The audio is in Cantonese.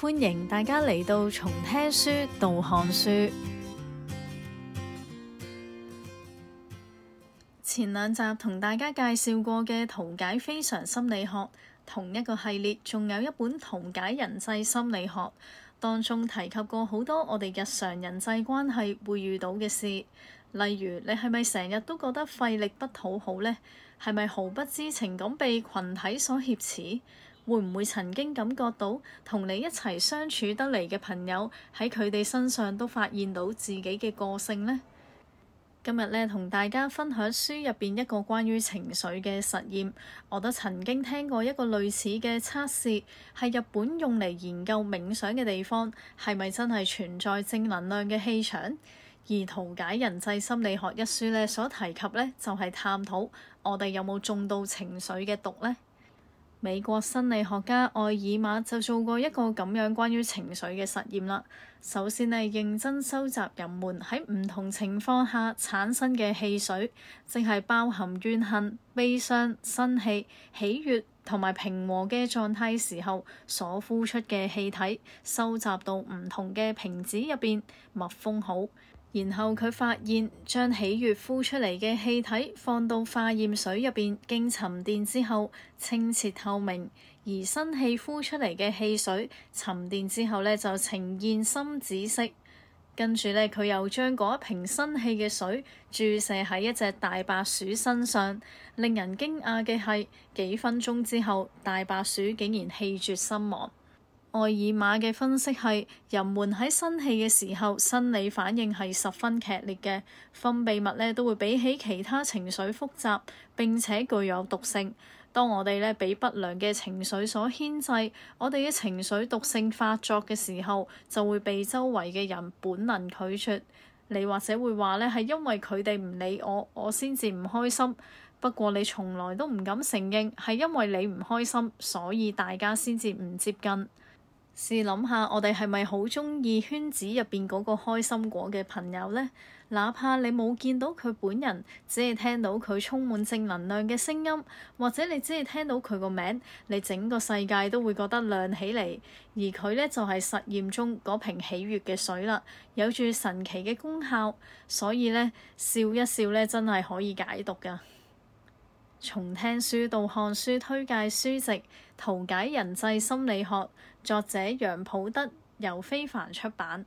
歡迎大家嚟到從聽書到看書。前兩集同大家介紹過嘅《圖解非常心理學》，同一個系列仲有一本《圖解人際心理學》，當中提及過好多我哋日常人際關係會遇到嘅事，例如你係咪成日都覺得費力不討好呢？係咪毫不知情咁被群體所挾持？會唔會曾經感覺到同你一齊相處得嚟嘅朋友喺佢哋身上都發現到自己嘅個性呢？今日咧，同大家分享書入邊一個關於情緒嘅實驗，我都曾經聽過一個類似嘅測試，係日本用嚟研究冥想嘅地方，係咪真係存在正能量嘅氣場？而《圖解人際心理學》一書咧所提及呢，就係探討我哋有冇中到情緒嘅毒呢？美國心理學家愛爾馬就做過一個咁樣關於情緒嘅實驗啦。首先係，認真收集人們喺唔同情況下產生嘅氣水，淨係包含怨恨、悲傷、生氣、喜悅、同埋平和嘅狀態時候所呼出嘅氣體，收集到唔同嘅瓶子入邊，密封好。然後佢發現，將喜悦呼出嚟嘅氣體放到化驗水入邊，經沉澱之後，清澈透明；而生氣呼出嚟嘅氣水沉澱之後呢，就呈現深紫色。跟住呢，佢又將嗰一瓶生氣嘅水注射喺一隻大白鼠身上。令人驚訝嘅係，幾分鐘之後，大白鼠竟然氣絕身亡。愛爾瑪嘅分析係：人們喺生氣嘅時候，生理反應係十分劇烈嘅，分泌物咧都會比起其他情緒複雜，並且具有毒性。當我哋咧畀不良嘅情緒所牽制，我哋嘅情緒毒性發作嘅時候，就會被周圍嘅人本能拒絕。你或者會話咧，係因為佢哋唔理我，我先至唔開心。不過你從來都唔敢承認，係因為你唔開心，所以大家先至唔接近。試諗下，我哋係咪好中意，圈子入邊嗰個開心果嘅朋友呢？哪怕你冇見到佢本人，只係聽到佢充滿正能量嘅聲音，或者你只係聽到佢個名，你整個世界都會覺得亮起嚟。而佢呢，就係、是、實驗中嗰瓶喜悅嘅水啦，有住神奇嘅功效，所以呢，笑一笑呢，真係可以解毒㗎。從聽書到看書推介書籍《圖解人際心理學》，作者楊普德，由非凡出版。